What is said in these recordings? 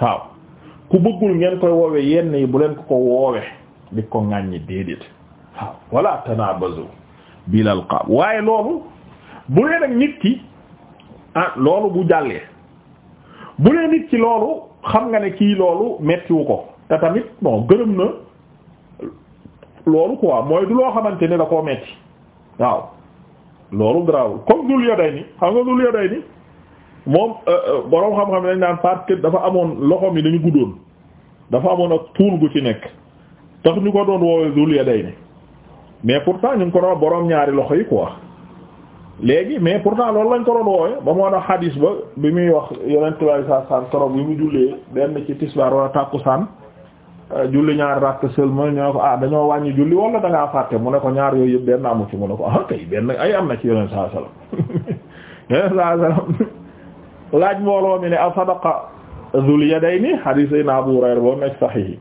waaw ku bëggul ngeen koy woowe yenn yi bu leen ko ko woowe di ko ŋàññi déedéet waaw wala tanabazu bil alqab waaye loolu bu leen ak nit ki ah loolu bu jàllee bu leen nit ki loolu xam nga ne kii loolu mettiwu ko te tamit bon gërëm na loolu quoi mooy du loo xamante ni la koo metti waaw loolu garaawul comme dul yaday ni xam nga dul yaday ni moom euh, euh, borom xam-xam dañ naan parce que dafa amoon loxoom yi dañu guddoon dafa amoon ak tuul gu ci nekk tax ñu ko doon woowee zul ya day ne mais pourtant ñu ngi ko doon boroom ñaari loxo yi wax léegi mais pourtant loolu lañ ko doon woowee ba moo tax xadiis ba bi muy wax yeneen tubaab saa saan torop bi mu jullee benn ci tisbaar wala tàkkusaan euh, julli ñaari rakk seulement ñu ne ko ah dañoo wàññi julli wala da ngaa fàtte mu ne ko ñaar yooyu yëpp benn amu ci mu ne ko ah benn am na ci yeneen saa salaam yeneen laaj mbooloo mi ne a sadaqa zul yadayni hadis ay na Abu Hurayra boo nekk sahih yi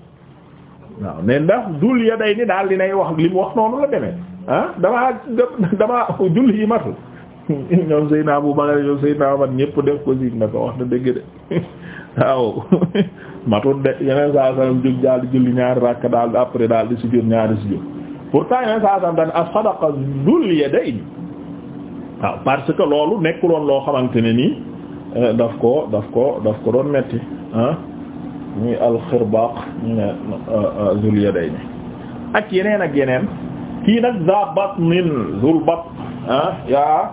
waaw ne ndax zul yadayni daal dinay wax li mu wax noonu la demee ah damaa damaa julli yi matul ñoom Seydina Abu Bakar ñoom ko wax na dëgg de waaw matul de yeneen saa sallam jóg daal di julli ñaari rakk daal di après daal di sujjóot ñaari sujjóot pourtant yeneen saa sallam dañ as-sadaqa zul yadayni waaw parce que loolu nekkuloon loo xamante ne nii Eh, daf ko daf ko daf ko doon metti ah? muy alxirbaq ñu ne eh, eh, zul yadayni ak yeneen ak yeneen kii nag za batnin zul ah, yaa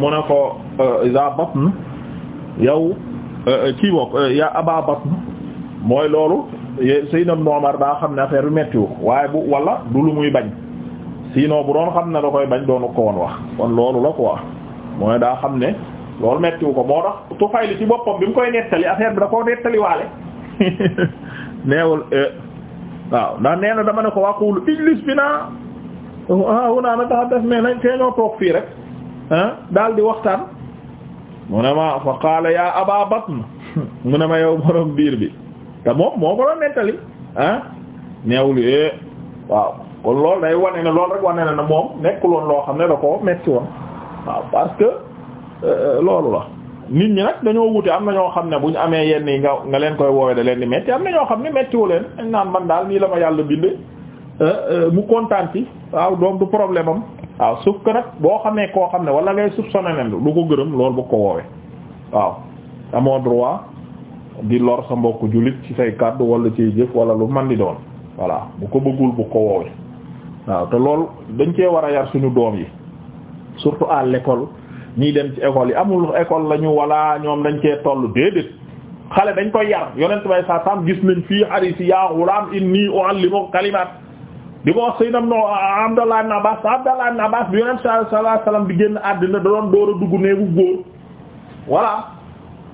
mu ko za batn yow kii bokk yaa aba batn mooy loolu Seydina Ibn Umar daa xam ne affaire bi méttiwu waaye bu wala du lu muy bañ sinon bu doon xam ne da koy bañ doonu ko woon wax kon loolu la quoi mooy daa xam ne lool mettiwu ko moo tax Tufayli ci boppam bi mu koy nettali affaire bi da koo nettaliwaale neewul eh, waaw ndax nee na dama ne ko waqulu ijlis bi naa ah naa nag taxa def mais nañ fee ñoo toog fii rek ah daal di waxtaan mu ne ma fa qaala ya aba batn mu ne ma yow borom biir bi te moom moo ko doon nettali ah neewul e waaw kon loolu day wane lool loolu rek wane ne ne moom nekkuloon loo xam ne da ko metti woon waaw parce que Euh, loolu la nit ñi nag dañoo wute am na ñoo xam ne bu ñu amee yenn yi nga nga leen koy woowee da leen di metti am na ñoo xam ne mettiwu leen dañ naan man daal nii la ma yàlla bindee euh, euh, mu kontaan ci waaw doom du problème am waaw suuf que nag boo xamee koo xam ne wala ngay soupçonner nen lu ko gërëm lool bu ko woowee waaw amoo droit di lor sa mbokk jullit ci say kàddu wala ciy jëf wala lu man di doon voilà bu ko bëggul bu ko woowee waaw te loolu dañ cee war a yar suñu doom yi surtout à l'école ñiy dem ci école yi amul école lañu wala ñoom dañ cee toll déedéet xale dañ koy yar yonent bay saa sam gis nañ fii hadith ya ghulam inni uallimuka kalimat di ko wax sayyidna Abdallah ibn Abbas Abdallah ibn bi yonent sallallahu alayhi wasallam génn àddina da doon door a dugg néegu góor voilà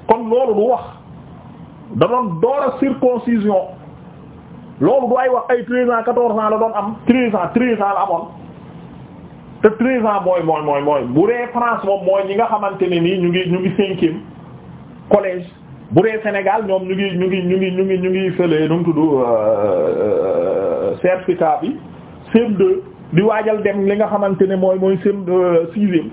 kon loolu du wax da doon door a circoncision loolu du ay wax ay treize ans quatorze ans la doon am treize ans treize ans la te treize ans mooy mooy mooy mooy bu dee France moom mooy ñi nga xamante ni nii ñu ngi ñu ngi cinquième collège bu ree Sénégal ñoom ñu ngi ñu ngi ñu ngi ñu ngi ñu ngi fële nu mu tudd euh, euh, certificat bi CM2 di waajal dem li nga xamante ne mooy mooy CM2 euh, sixième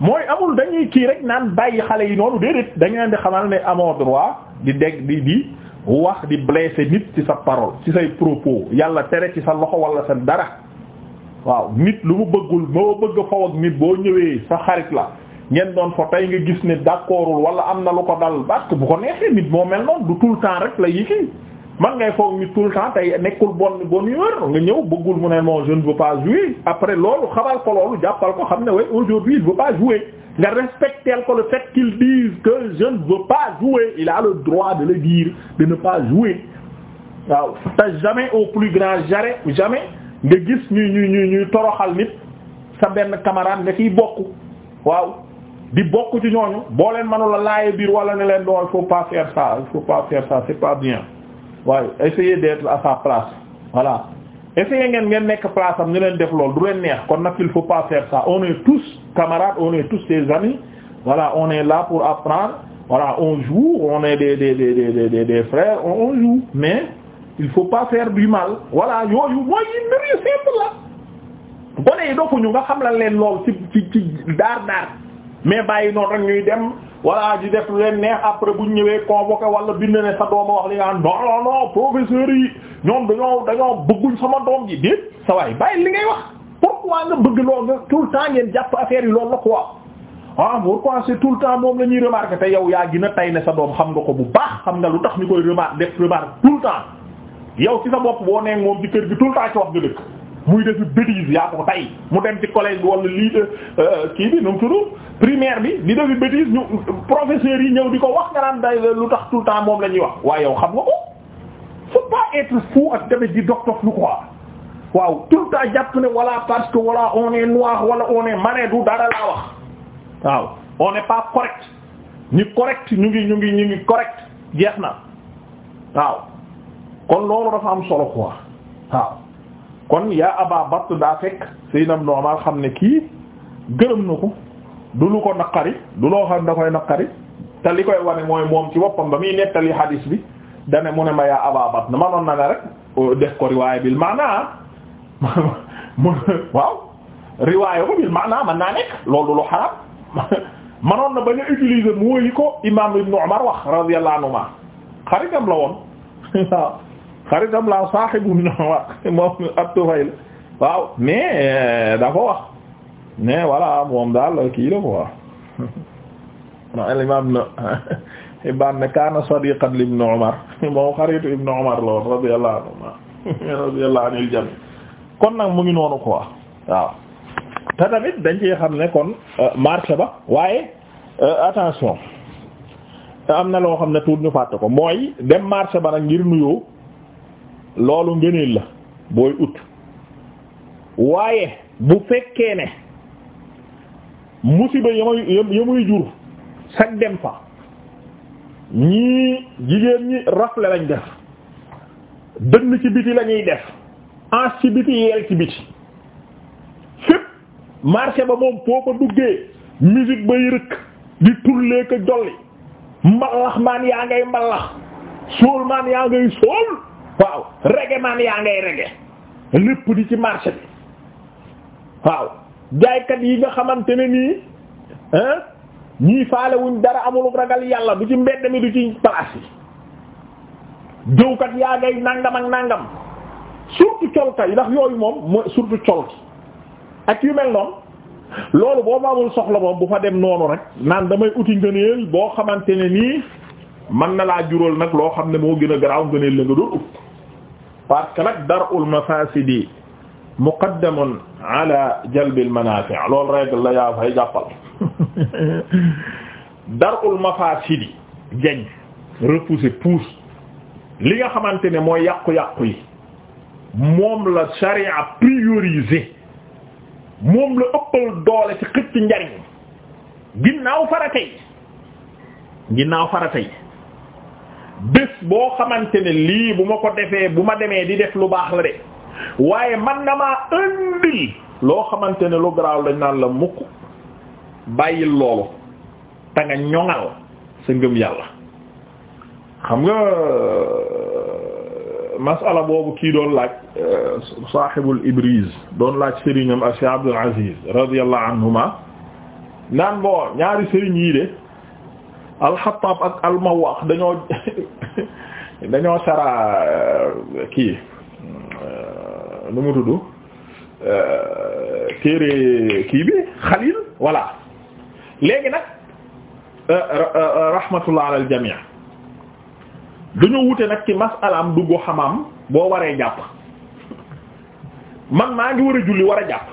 mooy amul dañuy kii rek naan bàyyi xale yi noonu déedéet dañu leen di xamal ne amoo droit di dégg di di wax di blesser nit ci sa parole ci say propos yàlla tere ci sa loxo wala sa dara. waaw nit lu mu bëggul moo bëgg a faw ak nit boo ñëwee sa xarit la ngeen doon fa tey nga gis ne d'accordul wala am na lu ko dal parce que bu ko neexee nit moo mel noonu du tout le temps rek la yi kii man ngay foog nit tout le temps tey nekkul bon bon humeur nga ñëw bëggul mu ne non je ne veux pas jouer après loolu xamal ko loolu jàppal ko xam ne way aujourd'hui il veut pas jouer nga respecter ko le fait qu'il dise que je ne veux pas jouer il a le droit de le dire de ne pas jouer nga gis ñuy ñuy ñuy ñuy toroxal nit sa benn camarade nga ciy bokk waw di bokk ci ñooñu boo leen manula laaye biir wala ne leen dool faut pas faire ça il faut pas faire ça c'est pas bien waaye essayez d'être à sa place voilà essayez ngeen ngeen nekk place am ñu leen def lool du leen neex kon nag il faut pas faire ça on est tous camarades on est tous des amis voilà on est là pour apprendre voilà on joue on est des des des des des, des frères on, on joue mais il faut pas faire mal voilà yooyu mooy yi mbir yu simple la gone yi dofuñu nga xam la leen lool ci ci ci daar daar mais bàyyi noonu rek ñuy dem voilà di def leen neex après bu ñëwee convoqué wala bind ne sa dooma wax li nga xam non non non professeurs yi ñoom dañoo dañoo bëgguñ sama doom ji déet sa waay bàyyi li ngay wax pourquoi nga bëgg lool nga tout le temps ngeen jàpp affaire yi loolu la ko quoi ah pourquoi c'est tout le temps moom la ñuy remarquer te yow yaa gën a tay xam nga ko bu baax xam nga lu tax ñu koy remarquer def remarque tout le temps yow ci sa bopp boo nee moom ci kër gi tout le temps ci wax nga dëkk muy defi bêtise yaa ko tey mu dem ci collège bi wala lii euh, kii bi nu mu tudd bi di defi bêtise ñu professeurs yi ñëw di ko wax nga naan day lu tax tout le temps moom la ñuy wax waaye yow xam nga ko faut pas être fou ak tamit di dox lu quoi waaw tout le jàpp ne voilà parce que voilà noir wala on est mané du dara laa wax waaw on pas correct ñu correct ñu ngi ñu ngi ñu ngi correct jeex na kon loolu dafa am solo ko waaw kon yaa Aba Batt daa fekk Seydina Ibn xam ne kii gërëm na ko du lu ko naqari du loo xam da koy naqari te koy wane mooy moom ci woppam ba muy nettali hadis bi dane mu ne ma yaa Aba Batt na manoon na ne rek def riwaaya bil maanaa mu waaw riwaaya loolu du lu xaraam manoon na bañ a utiliser mooy ko imaam Ibn Umar wax radiyallahu anhu xaritam la woon waaw xaritam la saaxibu Ibn Umar moom at waaw mais euh, dafa wax mais voilà moom daal kii la quoi non al-Imam Ibn Hibban ne kaana sadiqan li Umar moom xaritu Ibn Umar la woon radiyallahu anhu radiyallahu anil jami kon nag mu ngi noonu quoi waaw te tamit dañ ci xam ne kon euh, marché ba waaye euh, attention am na loo xam ne tuut ñu fàtte ko mooy dem marché ba nag ngir nuyoo loolu ngëneel la booy ut waaye bu fekkee ne musiba ya muy ya muy jur sag dem fa ñii jigéen ñi rafle lañ def dënn ci biti lañuy def ans ci biti yeel ci biti fépp marché ba moom foo duggee musique bay rëkk di tullee ko jolli mbalax maan yaa ngay mbalax sool maan yaa ngay sool waaw rege yaa ngay rege lépp di ci marché bi waaw jaaykat yi nga xamante ne nii ñii faale wuñ dara amul ragal yàlla du ci mbedd mi du ci place yi jëwkat yaa ngay nangam ak nangam surtout colka yi ndax yooyu moom mooy surtout colki ak yu mel noonu loolu boo ma amul soxla moom bu fa dem noonu rek naan damay uti ngëneel boo xamante ne nii man na laa juróol nag loo xam ne moo gën a garaaw ngëneel la nga doon parce que nag dar'ul mafasidi muqaddamun ala jalbil manafi' loolu règle la yaa fay jàppal dar'ul mafasidi jañ repousser pousse li nga xamante ne mooy yàqu-yàqu yi moom la charia priorisé moom la ëppal doole ci xëcc njariñ ginnaaw faratay ginnaaw bés boo xamante ne lii bu ma ko defee bu ma demee di def lu baax la de waaye man na maa ëndil loo xamante ne lu garaaw dañ naan la mukk bàyyil loolu te nga ñoŋal sa ngëm yàlla xam nga euh, masala boobu kii doon laaj euh, sahibul ibriz doon laaj sëriñam ak Cheikh Abdul Aziz radiyallahu anhuma naan boo ñaari sëriñ yi de alxataab ak almawaax dañoo dañoo sara euh, kii euh, nu mu tudd euh, téere kii bi xalil voilà léegi nag rahmatullah alal jami' dañoo wute nag ci masalaam duggu xamaam boo waree jàpp man maa ngi war a julli war a jàpp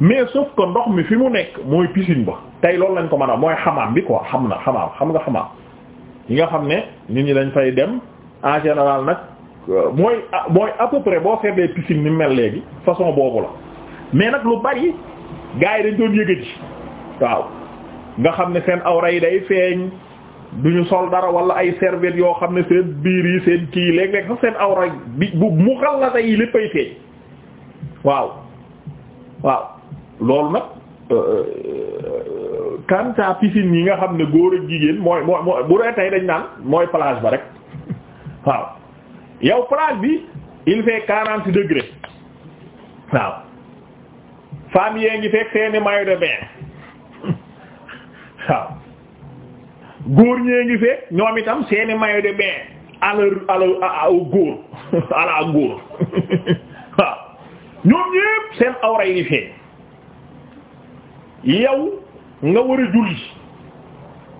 mais sauf ko ndox mi fi mu nekk mooy piscine ba tey loolu lañ ko mën a mooy xamaam bi quoi xam na xamaam xam nga xamaam yi nga xam ne nit ñi dañ fay dem en général nag mooy mooy à peu près boo seetlee piscine ni mel léegi façon boobu la mais nag lu bari gars yi dañ doon yëga ji waaw nga xam ne seen awra yi day feeñ ñu sol dara wala ay serviette yoo xam ne seen biir yi seen kii léeg-léeg sax seen awra bi bu mu xallata yi léppay feeñ waaw waaw loolu nag euh, kanta piscine yi nga xam ne góor ak jigéen mooy mooy mooy bu dee tey dañ naan mooy plage ba rek waaw yow plage bi il fait quarante degrés waaw femmes yee ngi fekk seeni maillot de bain waaw góor ñee ngi fekk ñoom itam seeni maillot de bain à leur à leur góor à la góor waaw ñoom ñépp seen awra yi feeñ yow nga war a julli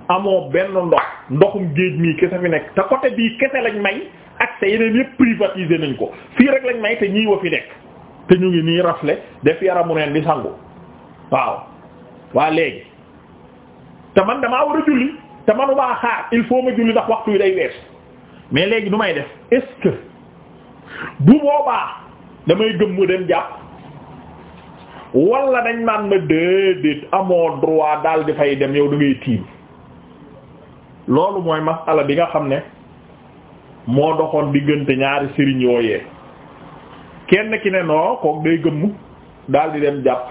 amoo benn ndox ndoxum géej mii kese fi nekk te côté bii kese lañ may ak sa yeneen yëpp privatisé nañ ko fii rek lañ may te ñii wa fi nekk te ñu ngi nii rafle def yaramu neen di sangu waaw waa léegi te man damaa war a julli te manumaa xaar il faut ma julli ndax waxtu yi day wees mais léegi nu may def est bu boobaa damay gëm mu dem jàpp wala dañ naan ma déedéet amoo droit daal di fay dem yow da tiim loolu mooy masala bi nga xam ne moo doxoon diggante ñaari sëriñ yooyee kenn ki ne noo kook day gëmm daal di dem jàpp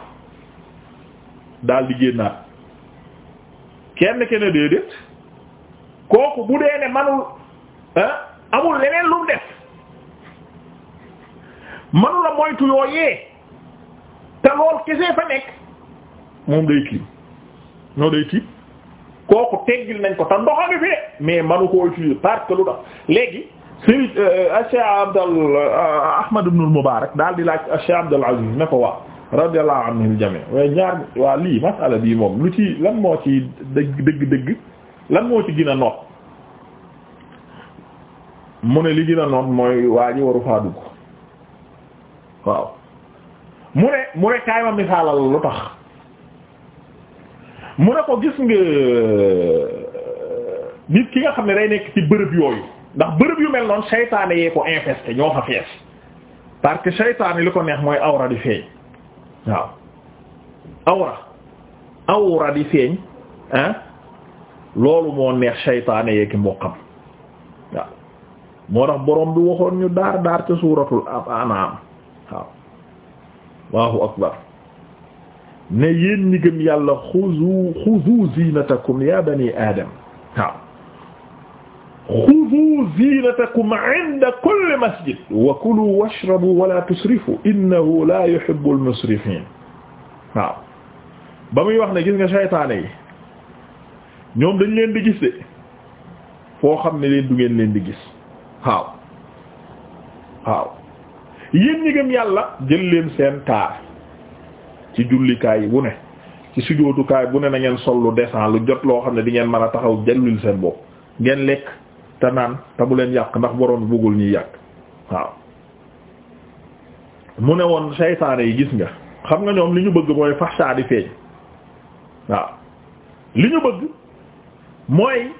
daal di génnaat kenn ki ne déedéet kooku bu dee ne manul amul leneen lu mu def manu la moytu yooyee te lool kese fa nekk moom day tiim noo day tiim kooku teggil nañ ko te ndoxali fee mais manu koo utiliser parce que lu léegi sëriñ euh, Cheikh Abdal euh, Ahmad ibn al daal di laaj Cheikh Abdul Aziz ne ko wax radiyallahu anhum jami waaye ñaar waa lii masala bii moom lu ci lan moo ci dëgg dëgg dëgg lan moo ci gën a noot mu ne li gën noot mooy waa ji waru faa dugg waaw mu ne mu ne kaay ma misaalal lu tax mu ne ko gis nga euh, nit ki nga xam ne day nekk ci bërëb yooyu ndax bërëb yu mel noonu saytaane yee ko infesté ñoo fa fees parce que li ko neex mooy awra di feeñ waaw awra awra di feeñ ah loolu moo neex saytaane yee ki mboqam waaw moo tax borom bi waxoon ñu daar daar ca suuratul an'am waaw Allahu akbar ne yéen ñi gëm yàlla xuzu xuzu zinatakum ya bani adam waaw xuzu zinatakum inda kulli masjid wa kulu washrabu wala tusrifu innahu la yuhibbu al-musrifin waaw ba muy wax ne gis nga saytaane yi ñoom dañ leen di gis de foo xam ne leen du ngeen leen di gis waaw waaw yéen ñi gëm yàlla jël leen seen taar ci jullikaay wu ne ci sujootukaay bu ne na ngeen sol lu décent lu jot loo xam ne di ngeen mën a taxaw jëlul seen bopp ngeen lekk te naan te bu leen yàq ndax borom bëggul ñuy yàq waaw. mu ne woon saytaane yi gis nga xam nga ñoom li ñu bëgg mooy faxsaa di feeñ waaw li ñu bëgg mooy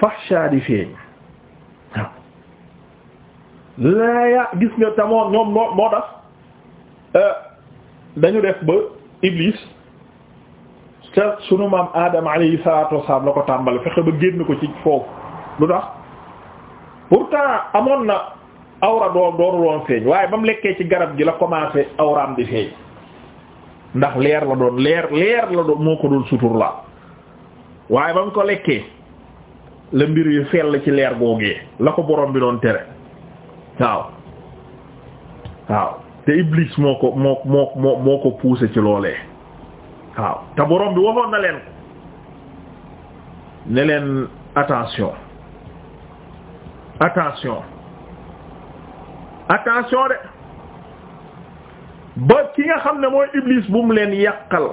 faxsaa feeñ. laaya gis nga tamoon ñoom moo moo tax euh, dañu def ba Iblis ca sunu maam Adam alayhi salaatu wassalaam la ko tàmbali fexe ba génn ko ci foofu lu tax pourtant amoon na awra doon doonu doon feeñ waaye ba mu lekkee ci garab gi la commencé awraam di feeñ ndax leer la doon leer leer la doon moo ko doon sutur la waaye ba mu ko lekkee la mbir yu sell ci leer googee la ko borom bi doon tere waaw waaw te Iblis moo ko moo moo moo moo ko poussé ci loolee waaw te borom bi waxoon na leen ko ne leen attention attention attention de ba ki nga xam ne mooy ibliis bu mu leen yàqal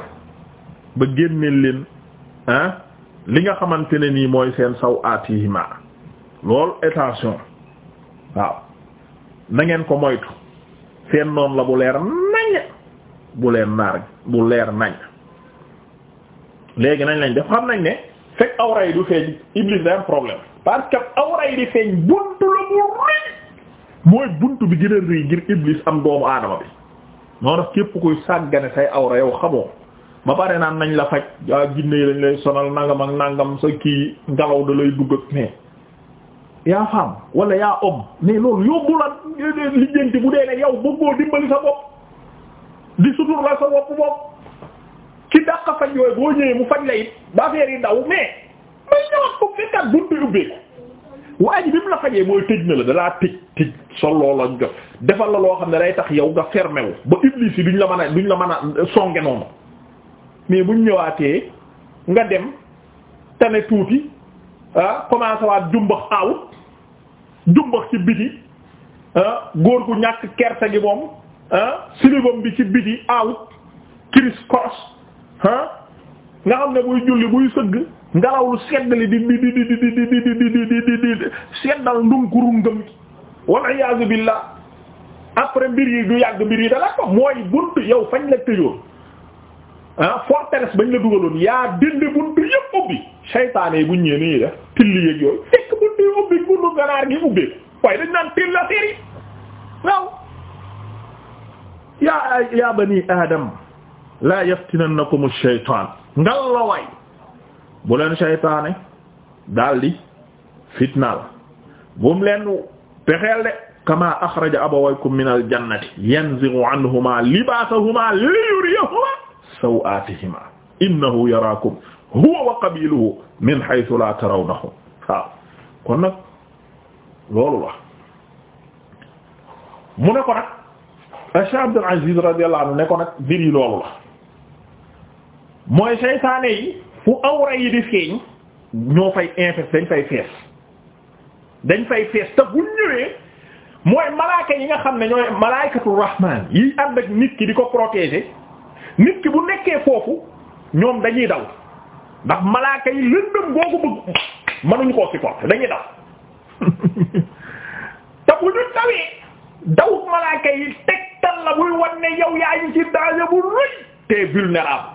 ba génneel leen ah li nga xamante ne nii mooy seen saw atihima loolu attention waaw na ngeen ko moytu seen noonu la bu leer nañ bu leer naar bu leer nañ léegi nañ lañ def xam nañ ne fekk awra yi du feeñ Iblis day am problème parce que awra yi di feeñ buntu la bu rëy mooy buntu bi gën a ngir Iblis am doomu aadama bi moo képp kuy sàggane say awra yow xamoo ba pare naan nañ la faj waa ginne yi lañ lay sonal nangam ak nangam sa kii ngelaw da lay dugg ak mais yaa femme wala yaa homme mais loolu yóbbu la lijjanti bu dee ne yow bëggoo dimbali sa bopp di sutur la sa bopp bopp ci dàq faj yooyu boo ñëwee mu faj la it ba affaire yi daw mais may ñëwaat ko fekkaat buntu ubbeeku waa bi mu la fajee mooy tëj na la dalaa tëj tëj solo la defal la loo xam ne day tax yow nga fermé wu ba iblis yi duñ la mën a duñ la mën a songe noonu mais buñ ñëwaatee nga dem tane tuuti ah commencé waat jumbax aawut jumbax ci biti góor gu ñàkk kersa gi moom silibam bi ci biti awut kiris koros nga xam ne buy julli buy sëgg ngelaw lu sedd li di di di di di di di di seddal ndunkuru ngëm wal iyaazu billah après mbir yi du yàgg mbir yi dala ko mooy bunt yow fañ la tëjoon ah forteresse bañ la yaa dindi buntu yëpp ubbi seytaane yi buñ tilli yëg yooyu fekk buntu yi ubbi ganaar gi ubbeeku waaye dañ naan till yaa yaa bani adam laa yaftinannakum ash-shaytaan ngal la waay fitnaal bumu leen pexeel kama axraja abawaykum min al jannati anhuma libaasahuma liyuriyahuma sawaatihima innahu yaraakum huwa wa qabiluhu min haythu la tarawnahum waaw kon nag loolu la mu ne ko nag Cheikh Abdul Aziz radiyallahu anhu ne ko nag mbir yi loolu la mooy seytaane yi fu awra yi di feeñ ñoo fay infesté dañ fay fees dañ fay fees te bu ñëwee mooy malaaka yi nga xam ne ñooy malaaykatul rahmaan yi ànd ak nit ki di ko protéger nit ki bu nekkee foofu ñoom dañuy daw ndax malaaka yi lëndëm googu bëgg mënuñu koo supporter dañuy daw te bu ñu tawee daw malaaka yi tegtal la buy wan ne yow yaa ngi ci danger bu rëy te vulnérable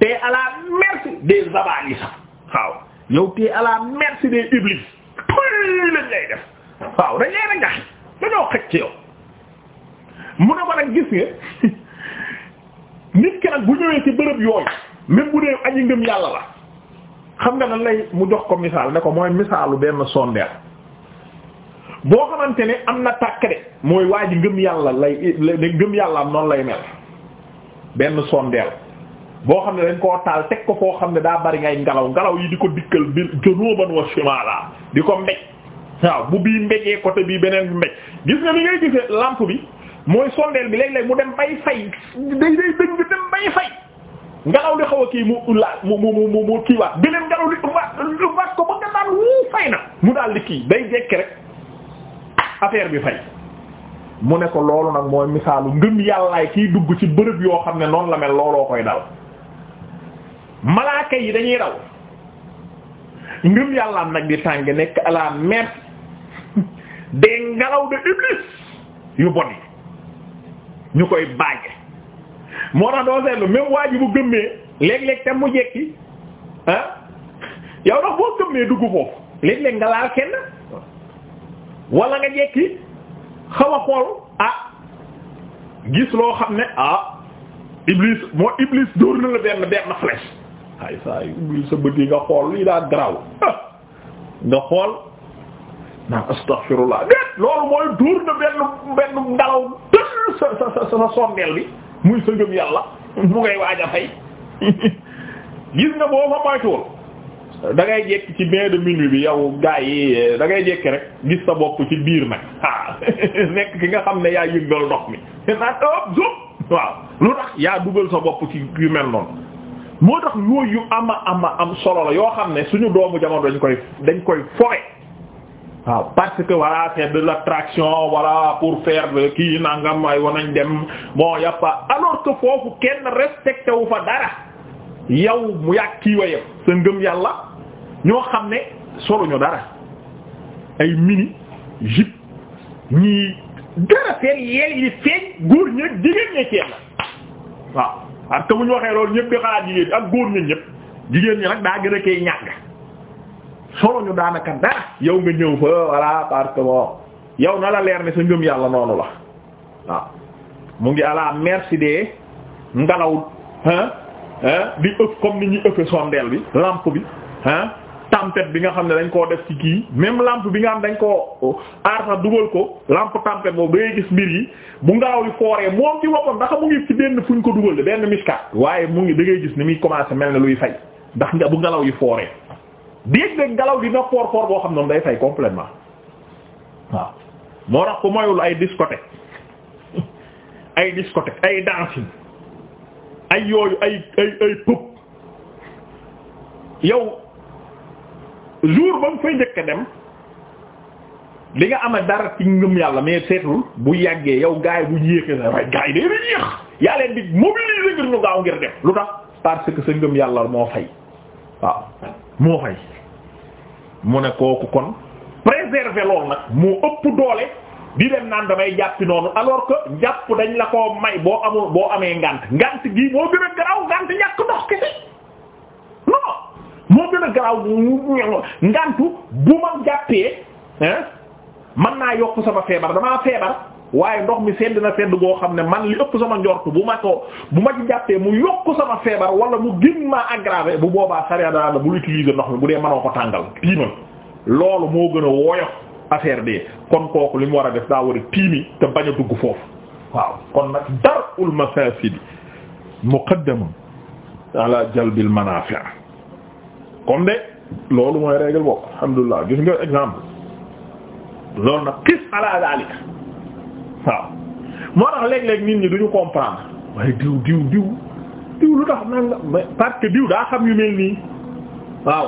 te à la merci des abali sax waaw yow te à merci des iblis tuy lañ lay def waaw dañ lay na dañoo xëcc yow mu ne ma nag gis nga nit ki nag bu ñëwee ci bërëb yooyu même bu dee aji ngëm yàlla la xam nga nan lay mu jox ko misaal ne ko mooy misaalu benn sondeel boo xamante ne am na tàkk de mooy waa ji ngëm yàlla lay ngëm yàlla am noon lay mel benn sondeel boo xam ne dañ koo taal teg ko koo xam ne daa bari ngay ngelaw ngelaw yi di ko dikkal bi junuban wa shimala di ko mbéj waaw bu bii mbéjee côté bii beneen bi mbéj gis nga li ngay gisee lampe bi mooy sondeel bi léeg-léeg mu dem bay fay day day dëñ bi dem bay fay ngelaw li xaw a kii mu la mu mu mu mu kiiwaat bi leen ngelaw li uvaat ko ba nga daal wuu fay na mu daal kii day jekki rek affaire bi fay mu ne ko loolu nag mooy misaalu ngëm yàllaay kiy dugg ci bërëb yoo xam ne noonu la mel looloo koy dal malaaka yi dañuy daw ngëm yàllaam nag di tàng nekk à la mer des ngelaw de iblis yu bon ñu koy bàjj moo tax doo seetlu même waa ji bu gëmmee léeg-léeg tam mu jekki ah yow ndax boo gëmmee dugg foofu léeg-léeg nga laal kenn wala nga jekki xaw a xool ah gis loo xam ne ah Iblis moo Iblis dóor na la benn benn flèche ay saa yu ubbil sa bët nga xool lii daa garaaw ah, nga xool. naan astaghfirullah déet loolu mooy duur na benn benn ngelaw tël sa sa sondeel bi muy sa ngëm yàlla mu ngay waaj a fay gis nga boo fa moytuwul da ngay ci bain de minuit bi yow gaa yi eh, dangay ngay rek gis sa bopp ci biir nag ah nekk ki nga xam ne yaa yëngal ndox mi naan ëpp oh, zop waaw lu tax yaa dugal sa bopp ci yu mel noonu moo tax yooyu ama ama am solo la yoo xam ne suñu doomu jamono dañ koy dañ koy fowe waaw parce que voilà c'est de l'attraction voilà pour faire kii nangam ay wanañ dem bon y a pas alors que foofu kenn respecté fa dara yow mu yàgg kii wayam sa ngëm yàlla ñoo xam ne ñu dara ay mini jip ñii dara seen yeel yi feeñ góor ñëpp jigéen ñee ceeb la waaw parce que waxee loolu ñëpp di xalaat jigéen ak góor ñi ñëpp jigéen ñi nag daa gën a koy ñàgg solo ñu daanaka dara yow nga ñëw fa voilà parce que bon yow na la leer ne sa ngëm yàlla noonu la waaw mu ngi à la merci de ngalaw hein di ëpp comme ni ñuy ëppe sondeel bi lampe bi hein tempête bi nga xam ne dañ koo def ci kii même lampe bi nga xam dañ koo aar a dugal ko lampe tempête boobu da gis mbir yi bu ngaaw yi fooree moom ci boppam ndax mu ngi ci benn fuñ ko dugal de benn miskat waaye mu ngi da ngay gis ni muy commencé mel ne luy fay ndax nga bu ngelaw yi fooree déeg de ngelaw dina foor foor boo xam noonu day fay complètement waaw moo tax ku moyul ay discothèque ay discothèque ay dancing ay yooyu ay ay pub yow jour ba mu fay njëkk dem li nga am dara ci ngëm yàlla mais seetul bu yàggee yow gaay bu yéexee sa waaye gaay day dañuy yéex yaa leen di mobiliser ngir ñu gaaw ngir dem lu tax parce que sa ngëm yàlla moo fay waaw moo fay mu ne kooku kon préserver loolu nag moo ëpp doole di dem naan damay jàppi noonu alors que jàpp dañ la koo may boo amul boo amee ngant ngant gi moo gën a garaaw ngant ñàkk ndox kese non moo gën a garaaw ngantu bu ma jàppee hein man naa yokk sama feebar damaa feebar waaye ndox mi sedd na sedd goo xam ne man li ëpp sama njort bu ma ko bu mat ci jàppee mu yokk sama feebar wala mu gën maa aggravé bu boobaa sariya dana la bul utiliser ndox mi bu dee mënoo ko tàngal tiimal loolu moo gën a woyof affaire bi kon kooku li war a def daa war a tiimi te bañ a dugg foofu waaw kon nag dar'ul mafasid muqaddamun ala jalbil manafi' kon de loolu mooy règle boobu alhamdulillah gis nga exemple loolu nag qis ala zalika waaw moo tax léeg-léeg nit ñi duñu comprendre waaye diw diw diw diw lu tax nanga parce que diw daa xam yu mel nii waaw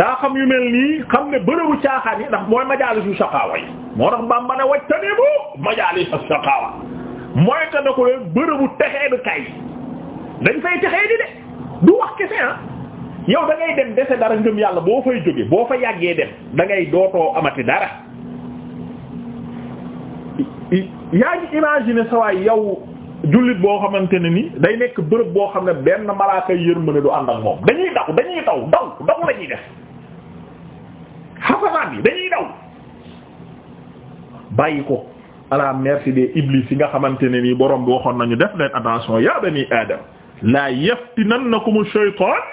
daa xam yu mel nii xam ne bërëbu caaxaan yi ndax mooy majaalisu saqaawa yi moo tax Bamba ne waj tani bu majaalisu saqaawa mooy te ko leen bërëbu texee du kay dañ fay texee di de du wax kese ah yow da ngay dem dese dara ngëm yàlla boo fay jóge boo fa yàggee dem da ngay dootoo amati dara yaa ngi imaginer sa waay jullit boo xamante ne ni day nekk bërëb boo xam ne benn malaaka yërmande du ànd ak moom dañuy daw dañuy daw daw daw la ñuy def xasamaan yi dañuy daw bàyyi ko à la merci des iblis yi nga xamante ne nii borom bi waxoon nañu def leen attention ya bani adam la yaftinannakum ash-shaytan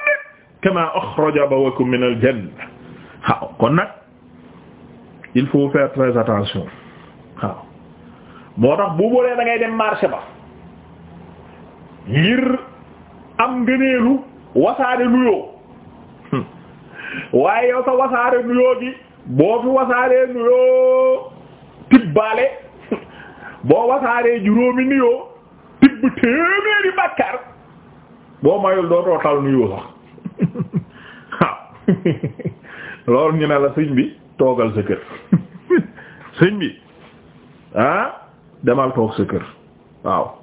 kama akhraja abawakum min al-janna waaw kon nag il faut faire très attention waaw moo tax bu boolee dem marché ba ngir am ngëneelu wasaare nuyoo waaye yow sa wasaare nuyoo gi boo fi wasaaree nuyoo tibbaale boo wasaaree juróomi nuyoo tibb téeméeri bàkkaar boo mayul doo tootal nuyoo sax waaw loolu ñu la sëñ bi toogal sa kër bi ah demal toog sa kër waaw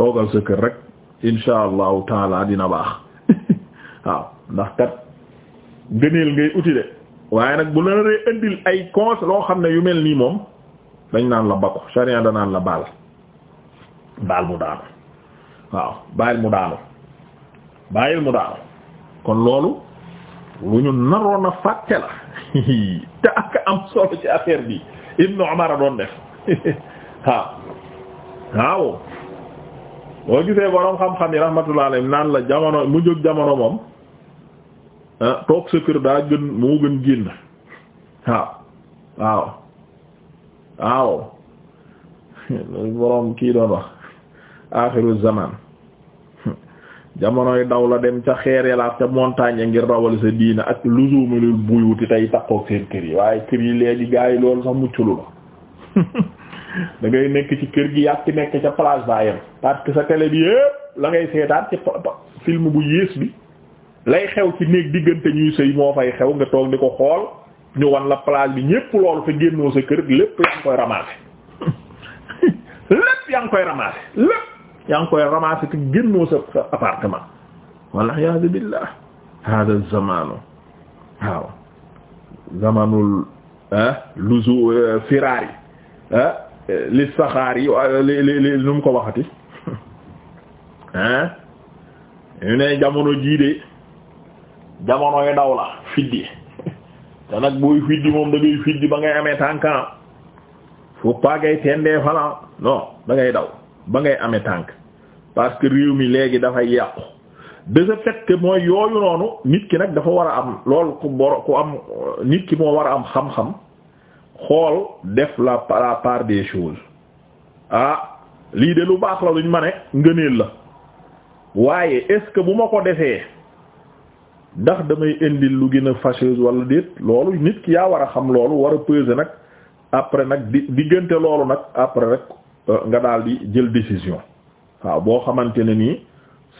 toogal sa kër rek insha allahu taala dina baax waaw ndax kat gëneel ngay uti de waaye nag bu la naree indil ay cons loo xam ne yu mel nii moom dañ naan la bako sharia naan la baal baal mu daanu waaw bàyyil mu daanu bàyyil mu daanu kon loolu lu ñu naroon a fàtte la te ak am solo ci affaire bi Ibnu Umar a doon def waaw waaw boo gisee borom xam-xam yi rahmatullah alayhi naan la jamono mu jóg jamono moom toog sa kër daa gën moo gën génn waaw waaw waaw borom kii doon wax axiru zaman jamonoy daw la dem ca xeerelaat ca montagne ya ngir rawal sa diina ak luzumul buyuti tey takkook seen kër yi waaye kër yi léegi gaa yi loolu sax mucculu la da ngay nekk ci kër gi ci nekk ca plage ba yem parce que sa télé bi yépp la ngay seetaan ci film bu yées bi lay xew ci néeg diggante ñuy sëy moo fay xew nga toog ni ko xool ñu wan la plage bi ñépp loolu fa génnoo sa kër lépp yaa ngi koy ramasser lépp yaa ngi koy ramasser lépp yaa ngi koy ramasser te génnoo sa sa walla iyaazu billaah hada li saxaar yi li li li nu mu ko waxati hein ñu ne jamono jii de jamonoy daw la fiddi te nag booy fiddi moom da fiddi ba ngay amee tànk ah. faut pas ngay tendee falan ah. non da ngay daw ba ngay amee tànk parce que réew mi léegi dafay yàqu de ce fait mooy yooyu noonu nit ki nag dafa war a am loolu ku bor ku am nit ki moo war a am xam-xam xool def la part des choses ah lii de lu baax la luñ ma ne ngëneel la waaye est-ce bu ma ko defee ndax damay indi lu gën a fâcheuse wala déet loolu nit ki yaa war a xam loolu war a peser nag après nag di diggante loolu nag après euh, nga daal di jël décision waaw boo xamante ne nii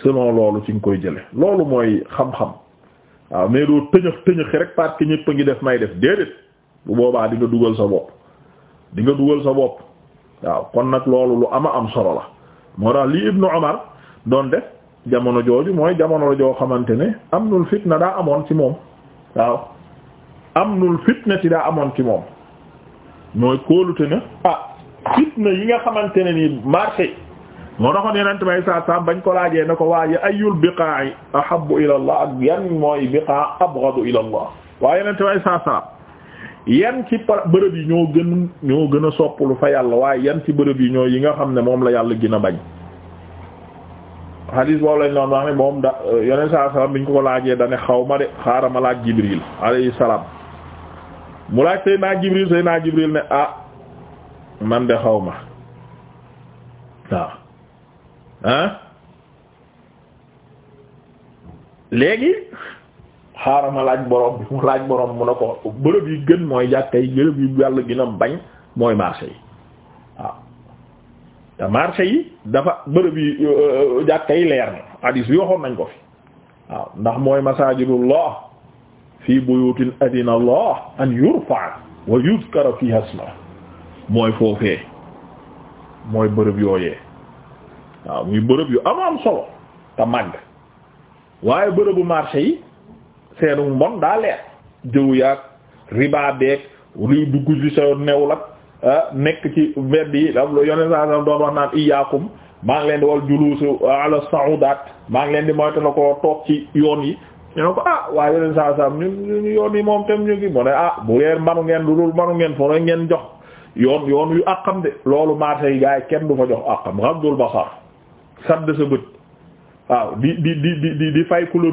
selon loolu ci nga koy jële loolu mooy xam-xam waaw mais doo tëñëx tëñëxi rek parce que ñëpp a ngi def may def déedéet bu boobaa di nga dugal sa bopp di dugal sa bopp waaw kon nag loolu lu ama am solo la moo tax lii Ibnu Umar doon def jamono jooju mooy jamono joo xamante ne amnul fitna daa amoon ci moom waaw amnul fitna ci daa amoon ci moom mooy kóolute ne ah fitna yi nga xamante ne nii marché moo taxoon yeneen may saa bañ ko laajee ne ko waaye ayul biqaa'i ahabbu ila Allah ak yan mooy biqaa' abghadu ila Allah waaye yeneen may saa yan ci bërëb yi ñoo gën ñoo gën a soppalu fa yàlla waaye yan ci bërëb yi ñoo yi nga xam ne moom la yàlla gën a bañ hadis boobu lañ doon wax moom da yoneen saa salaam bi ñu ko laajee dane xaw ma de xaaral ma laaj Jibril alayhi salaam mu laaj say naa Jibril say naa Jibril ne ah man de xaw ma waaw léegi xaaral ma laaj borom mu laaj borom mu ne ko bërëb yi gën mooy jàkka yi bërëb yi yàlla gëna bañ mooy marché yi waaw te marché yi dafa bërëb yi euh, euh, jàkka yi leer na hadis bi waxoon nañ ko fi waaw ndax mooy masajidullah fii buyutin adina allah an yurfa wa yuzkara fiha isma mooy foofee mooy bërëb yooyee waaw muy bërëb yu am am solo te màgg waaye bërëbu marché yi seenu mbon daa leer jëw yaag riba beeg luy dugg ci sa new lag ah, nekk ci mbedd yi daf lu yoneen saa doon wax naan iyaakum maa ngi leen di wal juluusu ala saudat maa ngi leen di moyta la ko toog ci yoon yi ñu ne ko ah waa yeneen saa saa ñun ñun yoon yi moom tam ñu ngi mu ne ah bu ngeen manu ngeen du dul manu ngeen foofu ngeen jox yoon yoon yu àqam de loolu marché yi gars yi kenn du fa jox àqam radul basar sadd sa bët waaw di di di di di fay ku la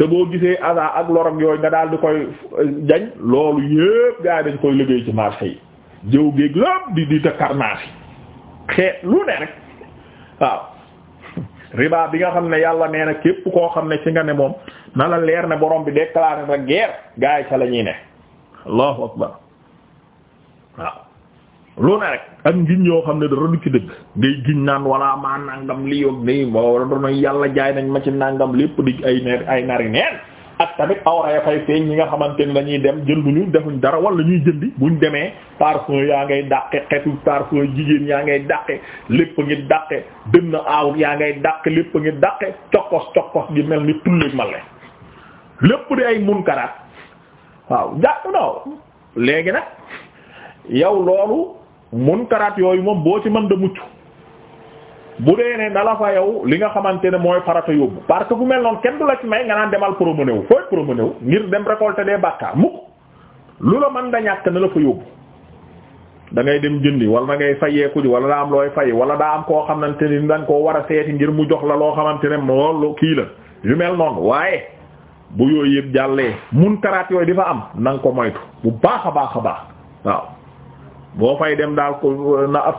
te boo gisee aza ak lorog yooyu nga daal di koy euh, jañ loolu yépp gaa yi dañ koy liggéey ci marché yi jëw géeg lépp di di te karnaasi xeet lu ne rek waaw riba bi nga xam ne yàlla nee na képp koo xam ne ci nga ne moom na la leer ne borom bi déclaré rek guerre gaa yi ca la ñuy ne allahu akbar waaw lu ne rek ak ngiñ yoo xam ne dara du ci dëgg ngay giñ naan wala maa nangam li yog ni moo doona yàlla jaay nañ ma ci nàngam lépp di ay ner ay nari neen ak tamit awra ya fay feeñ ñi nga xamante ni dañuy dem jënduñu defuñ dara wala ñuy jëndi buñ demee parfum yaa ngay dàqe xetu parfum jigéen yaa ngay dàqe lépp ngi dàqe dënn aawut yaa ngay dàqe lépp ngi dàqe cokos cokos gi mel ni tulleeg male lépp di ay munkaraat waaw jàpp na léegi nag yow munkaraat yooyu moom boo ci man da mucc bu dee ne dala fa yow li nga xamante ne mooy farata yóbbu parce que bu mel noonu kenn du la ci may nga naan demal promené wu fooy promené wu ngir dem récolter des bàkkaar mukk lu la mën da ñàkk na la fa yóbbu da ngay dem jëndi wala da ngay ku di wala daa am looy fay wala daa am koo xamante ni da koo war a seeti ngir mu jox la loo xamante ne loolu kii la yu mel noonu waaye bu yooyu yëpp jàllee munkaraat yooyu di fa am na ko moytu bu baax a baax a baax waaw boo fay dem daal ko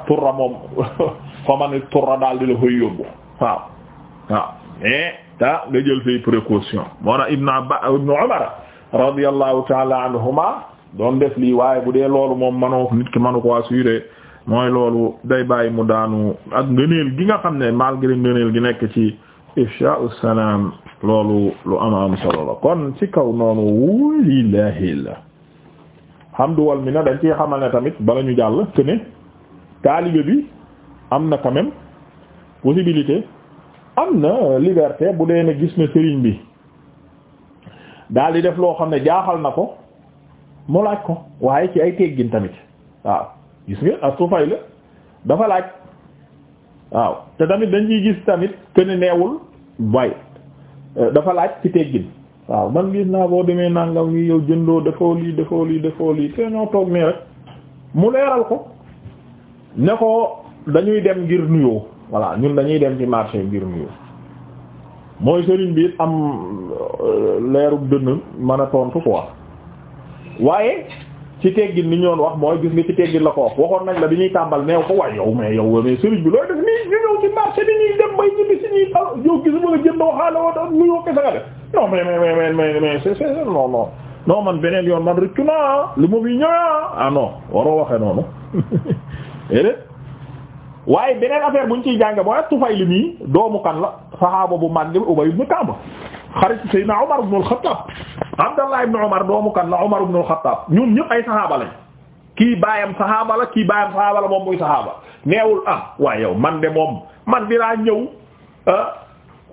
turra moom fa ma turra daal di la koy yóbbu waaw waaw mais eh, ta nga jël say précaution moo na ibnu Abba ibnu Umar taala anhuma doon def lii waaye bu dee loolu moom manoo nit ki manu ko assuré mooy loolu day bàyyi mu daanu ak ngëneel gi nga xam ne malgré ngëneel gi nekk ci ifsha salaam loolu lu ama am kon ci kaw noonu wulilahi la hamdu wal minna dañ ciy xamal ne tamit bala ñu jàll que ne bi am na quand même possibilité am na liberté bu dee ne gis na sëriñ bi daal di def loo xam ne jaaxal na ko mu laaj ko waaye ci ay teggin tamit waaw gis nga as tuufay la dafa laaj waaw te tamit dañ ciy gis tamit que neewul bay dafa laaj ci teggin. waaw man gis naa boo demee nangam yi yow jëndoo defoo lii defoo lii defoo lii te ñoo toog nii rek mu leeral ko ne dañuy dem ngir nuyoo voilà ñun dañuy dem ci marché ngir nuyoo mooy sëriñ bi am euh, leerub dënn mën a tontu quoi waaye ci teggin ni ñoon wax mooy gis nga ci teggin la ko wax waxoon nañ la bi ñuy tàmbal neew ko waaye yow mais yow mais sëriñ bi looy def nii ñu ñuy dem bay ñibbi si ñuy yow gis nga jënd waxaale woon lu yokke sa nga def non man beneen yoon man rëccu naa li ma fi ñëwaa ah. ah non waroo waxe noonu déedéet waaye beneen affaire buñ ciy jànge mooy Tufayl nii doomu kan la saxaaba bu mag Ubay ibn Ka'b xaritu Seydina Omar ibn al-Khattab Abdallah ibn Omar doomu kan la Omar ibn al ñoom ñëpp ay saxaaba lañ kii baayam saxaaba la kii baayam saxaaba la moom muy saxaaba neewul ah waaye yow man de moom man dinaa ñëw ah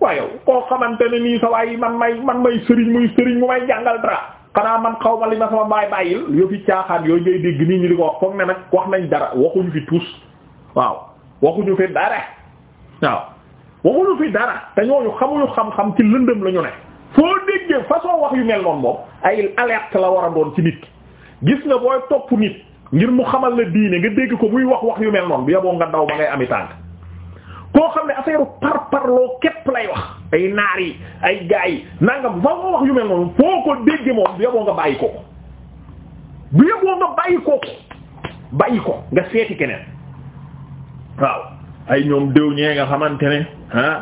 waaye yow koo xamante ne nii sa waay man may man may sëriñ muy sëriñ mu may jàngal dara xanaa man xaw ma li ma sama baay bàyyil yoo fi caaxaan yooyu ngay dégg nii ñu di ko wax foog ne nag wax nañ dara waxuñu fi tuus waaw waxuñu fi dara waaw. waxuñu fi dara te ñooñu xamuñu xam-xam ci lëndam la ñu ne foo déggee façon wax yu mel noonu moom ay alerte la war a doon ci nit gis nga booy topp nit ngir mu xamal la diine nga dégg ko muy wax wax yu mel noonu bu yaboo nga daw ba ngay ami tànk koo xam ne affaire par parloo képp lay wax ay naar yi ay gaay yi nangam façon wax yu mel noonu foo ko déggee moom bu yaboo nga bàyyi ko bu yaboo bàyyi ko bàyyi ko nga seeti keneen waaw ay ñoom déw ñee nga xamante ne ah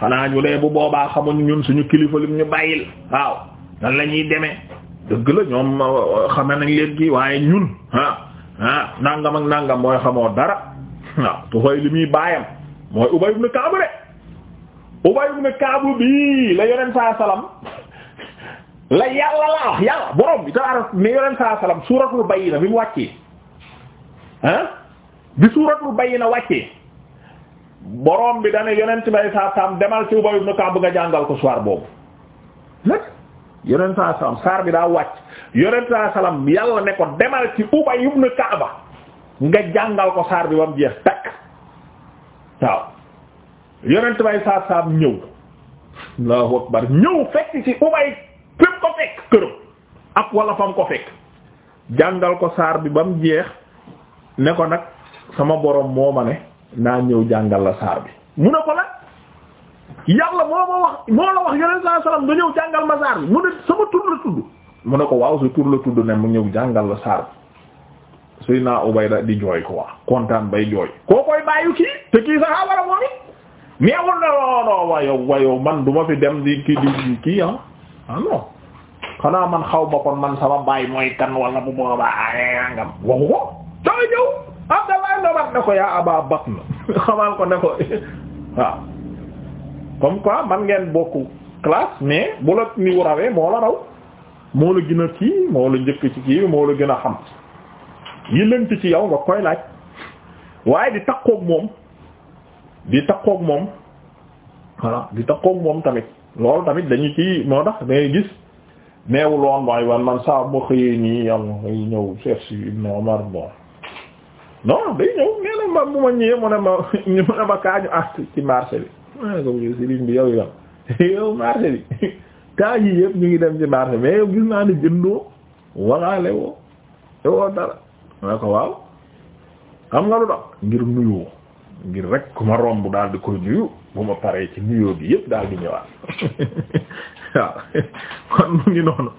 xanaa ñu lee bu boobaa xamuñ ñun suñu kilifa lim ñu bàyyil waaw nan la ñuy demee dëgg la ñoom xame nañ leen kii waaye ñun ah nangam ak nangam mooy xamoo dara waaw Tufayl li baayam mooy Ubay ibn Ka'b de Ubay ibn Ka'b bii la yoneen saa salaam la yàlla la wax yàlla borom bi tabarak ne yoneen saa salaam suuratul Bayyina bi mu wàccee ah bi suuratul Bayyina wàccee. borom bi dana yonent bay saa saam demal ci Ubay ibn Ka'b nga jàngal ko soir boobu nag yonent saa saam saar bi daa wàcc yonent saa salam yàlla ne ko demal ci Ubay ibn Ka'b nga jàngal ko saar bi ba mu jeex takk waaw yonent ñëw Allahu akbar wala fam ko ko saar bi ba mu jeex ne ko nag sama borom moo ma ne naa ñëw jàngal la saar bi mu ne ko la yàlla moo ma wax moo la wax yeneen saa salaam nga ñëw saar bi mu ne sama tur la tudd mu ne ko waaw sa tur la tudd ne mu ñëw jàngal la saar bi suy naa Ubayda di jooy ko waa kontaan bay jooy koo koy bàyyi kii te kii sax a war a moom it neewul ne non wayow wayow man du ma fi dem di kii di kii ah ah non xanaa man xaw ma kon man sama baay mooy kan wala bu boobaa ay ah, eh, ngam waxu ko. daa ñëw. waat na ko yaa aba batn xamal ko ne ko waaw comme quoi man ngeen bokk classe mais bu la niwu rawee moo la raw moo la gën a kii moo la njëkk ci kii moo la gën a xam yi lënt ci yow nga koy laaj waaye di takkoog moom di takkoog moom voilà di takkoog moom tamit loolu tamit dañu ci moo tax dangay gis neewu loon waaye wan man saa ma xëyee nii yàlla ngay ñëw seet si Ibn Omar non day ñëw nee ma bu ma ñëwee mu ne ma ñu ne ma kaa ñu àtt ci marché bi ah comme ni Serigne yow yi yow marché bi kaa yi yëpp ñu ngi dem ci marché mais yow gis naa ne jëndoo walaale woo woo dara ma ne ko waaw xam nga lu tax ngir nuyoo ngir rek ku ma romb daal di koy nuyu bu ma paree ci nuyoo bi yëpp daal di ñëwaat waaw kon mu ngi noonu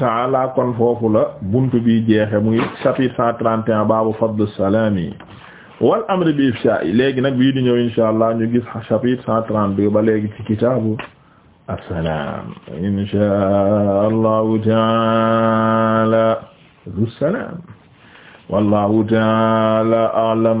taala kon foofu la buntu bi jeexe muy chapitre cent trente et baabu fadl salaami wal amri bi ifshaa'i léegi nag bii di ñëw insha allah ñu gis chapitre cent trente-deux ba léegi ci kitaabu assalaam insha allahu taala du salaam wallahu taala alam